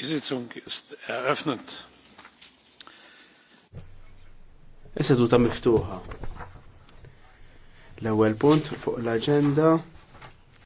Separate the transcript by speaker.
Speaker 1: Die Sitzung ist eröffnet.
Speaker 2: Is-seduta miftuħa. L-ewwel punt fuq l-aġenda